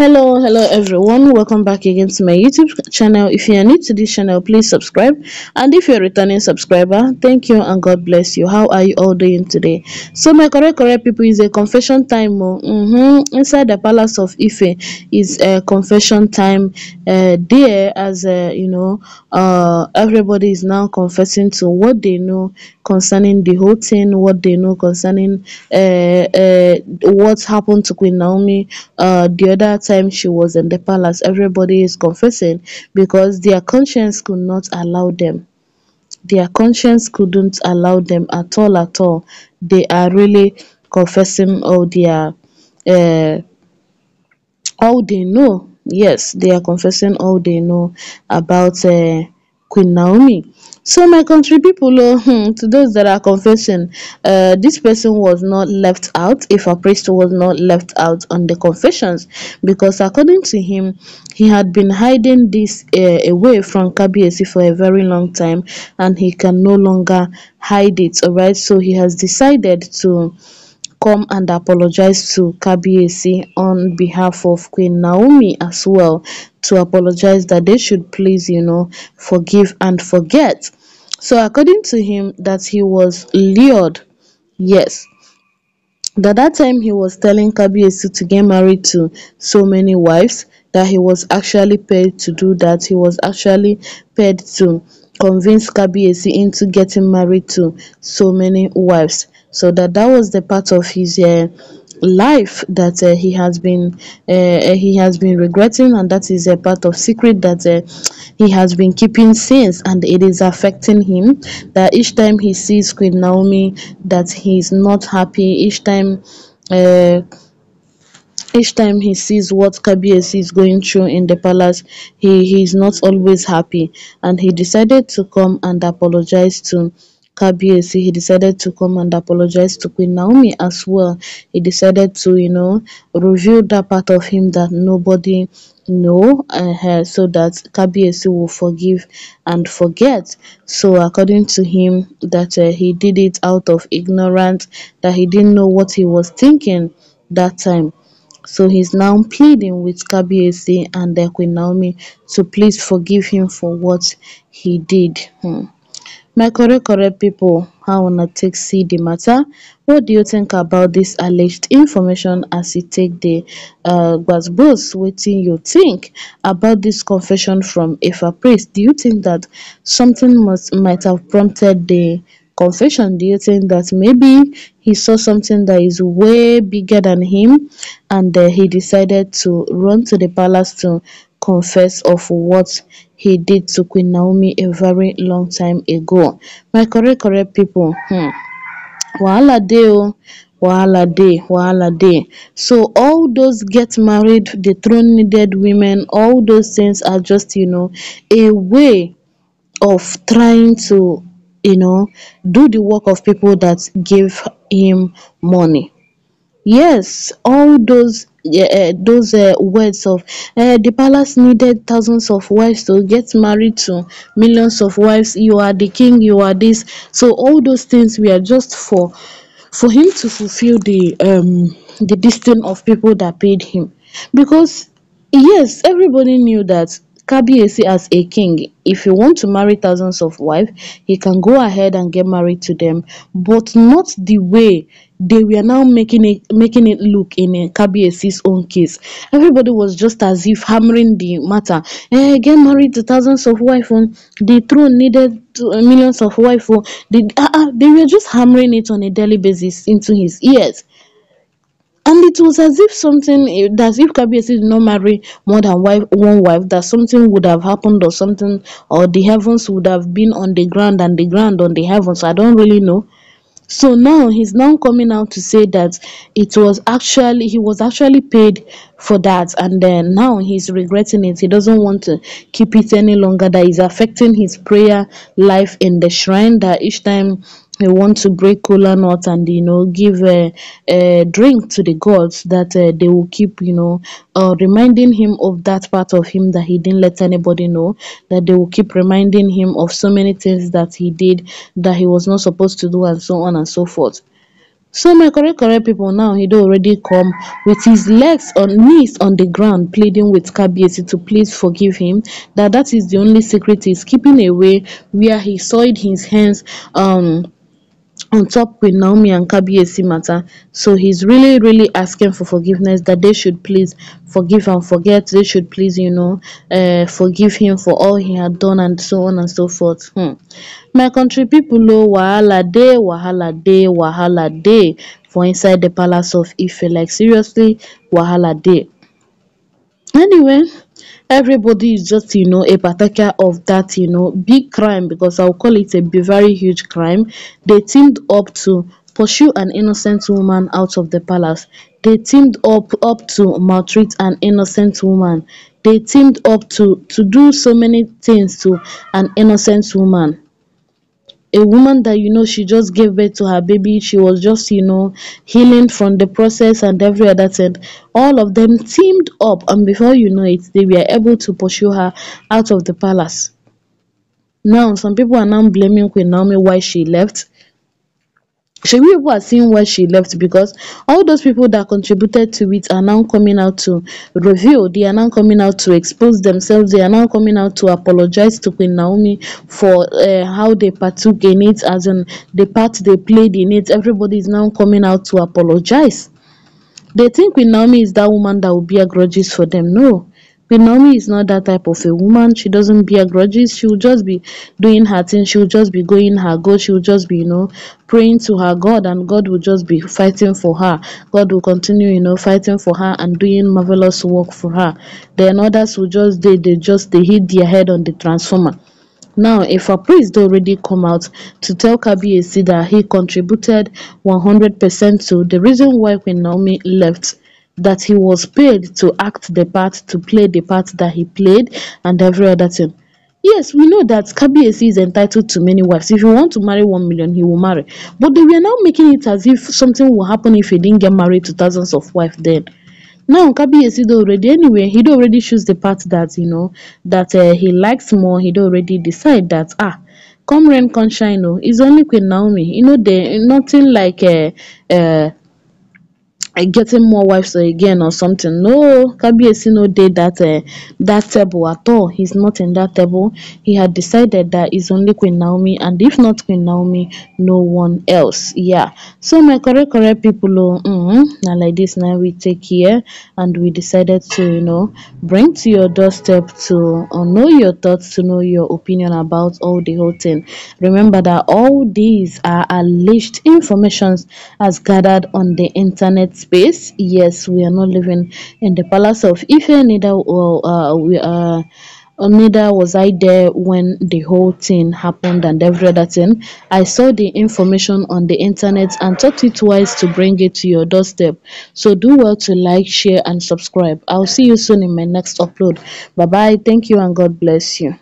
hello hello everyone welcome back again to my youtube channel if you are new to this channel please subscribe and if you're a returning subscriber thank you and god bless you how are you all doing today so my correct correct people is a confession time mm -hmm. inside the palace of ife is a confession time uh, there as uh, you know uh, everybody is now confessing to what they know concerning the whole thing what they know concerning eh, what happened to queen naomi uh, the other time she was in the palace everybody is confessing because their conscience could not allow them their conscience couldn't allow them at all at all they are really confessing all their uh, all they know yes they are confessing all they know about uh, Queen Naomi. So my country people, oh, to those that are confessing, uh, this person was not left out if a priest was not left out on the confessions because according to him, he had been hiding this uh, away from Kabiesi for a very long time and he can no longer hide it, alright? So he has decided to come and apologize to Kabiyesi on behalf of Queen Naomi as well to apologize that they should please, you know, forgive and forget. So according to him, that he was lured. Yes, that that time he was telling Kabiyesi to get married to so many wives that he was actually paid to do that he was actually paid to convince Kabiyesi into getting married to so many wives so that that was the part of his uh, life that uh, he has been uh, uh, he has been regretting and that is a part of secret that uh, he has been keeping since and it is affecting him that each time he sees queen naomi that he is not happy each time uh, each time he sees what KBS is going through in the palace, he, he is not always happy and he decided to come and apologize to Kbac, he decided to come and apologize to Queen Naomi as well. He decided to, you know, reveal that part of him that nobody know uh, so that Kbac will forgive and forget. So according to him, that uh, he did it out of ignorance, that he didn't know what he was thinking that time. So he's now pleading with Kabiesi and uh, Queen Naomi to please forgive him for what he did. Hmm. My correct correct people, how to take see the matter? What do you think about this alleged information as e take the uh, what do you think about this confession from a priest? Do you think that something must might have prompted the confession? Do you think that maybe he saw something that is way bigger than him and uh, he decided to run to the palace to confess of what he did to Queen Naomi a very long time ago. My correct, correct people, hmm, wahala dey wahala day. wahala day. So all those get married, the dead women, all those things are just, you know, a way of trying to, you know, do the work of people that give him money. Yes, all those uh, those uh, eh, words of uh, the palace needed thousands of wives to get married to millions of wives you are the king you are this so all those things were just for for him to fulfill the um the disdain of people that paid him because yes everybody knew that Kabiyesi as a king, if you want to marry thousands of wives, he can go ahead and get married to them, but not the way they were now making it making it look in uh, Kabiyesi's own case. Everybody was just as if hammering the matter. Eh, get married to thousands of wives on oh. the throne needed to, uh, millions of wives. Oh, they, uh, ah, uh, ah, they were just hammering it on a daily basis into his ears and it was as if something that if kabiyesi did not marry more than wife, one wife that something would have happened or something or the heavens would have been on the ground and the ground on the heavens i don't really know so now he's now coming out to say that it was actually he was actually paid for that and then now he's regretting it he doesn't want to keep it any longer that is affecting his prayer life in the shrine that each time they want to break kola nut and you know give a, a drink to the gods that uh, they will keep you know uh, reminding him of that part of him that he didn't let anybody know that they will keep reminding him of so many things that he did that he was not supposed to do and so on and so forth so my correct correct people now he already come with his legs on knees on the ground pleading with Kabiesi to please forgive him that that is the only secret he's keeping away where he soiled his hands um on top with Naomi and Kabiyesi matter. So he's really, really asking for forgiveness that they should please forgive and forget. They should please, you know, uh, forgive him for all he had done and so on and so forth. Hmm. My country people, oh, wahala day, wahala day, wahala day for inside the palace of Ife. Like seriously, wahala day. Anyway everybody is just you know a partaker of that you know big crime because i'll call it a very huge crime they teamed up to pursue an innocent woman out of the palace they teamed up up to maltreat an innocent woman they teamed up to to do so many things to an innocent woman a woman that you know she just gave birth to her baby she was just you know healing from the process and every other thing all of them teamed up and before you know it they were able to pursue her out of the palace now some people are now blaming queen naomi why she left she will be seeing where she left because all those people that contributed to it are now coming out to reveal, they are now coming out to expose themselves, they are now coming out to apologize to Queen Naomi for uh, how they partook in it, as in the part they played in it. Everybody is now coming out to apologize. They think Queen Naomi is that woman that will bear grudges for them. No. But Naomi is not that type of a woman. She doesn't bear grudges. She will just be doing her thing. She will just be going her goal. She will just be, you know, praying to her God, and God will just be fighting for her. God will continue, you know, fighting for her and doing marvelous work for her. Then others will just they they just they hit their head on the transformer. Now, if a priest already come out to tell Kabi that he contributed 100% to the reason why Queen Naomi left that he was paid to act the part, to play the part that he played, and every other thing. Yes, we know that Kabiesi is entitled to many wives. If you want to marry one million, he will marry. But they were now making it as if something will happen if he didn't get married to thousands of wives then. Now Kabiesi already anyway, he'd already choose the part that you know that uh, he likes more, he'd already decide that ah come rain come shine oh, it's only Queen Naomi. You know there nothing like uh, uh Eh, getting more wives again or something. No, Kabiesi no did that uh, that table at all. He's not in that table. He had decided that it's only Queen Naomi, and if not Queen Naomi, no one else. Yeah. So my correct correct people, oh, mm, mm-hmm, now like this, now we take here, and we decided to you know bring to your doorstep to uh, know your thoughts, to know your opinion about all the whole thing. Remember that all these are alleged informations as gathered on the internet space yes we are not living in the palace of ife neither well uh, we are neither was I there when the whole thing happened and every other thing. I saw the information on the internet and thought it wise to bring it to your doorstep. So do well to like, share, and subscribe. I'll see you soon in my next upload. Bye bye. Thank you and God bless you.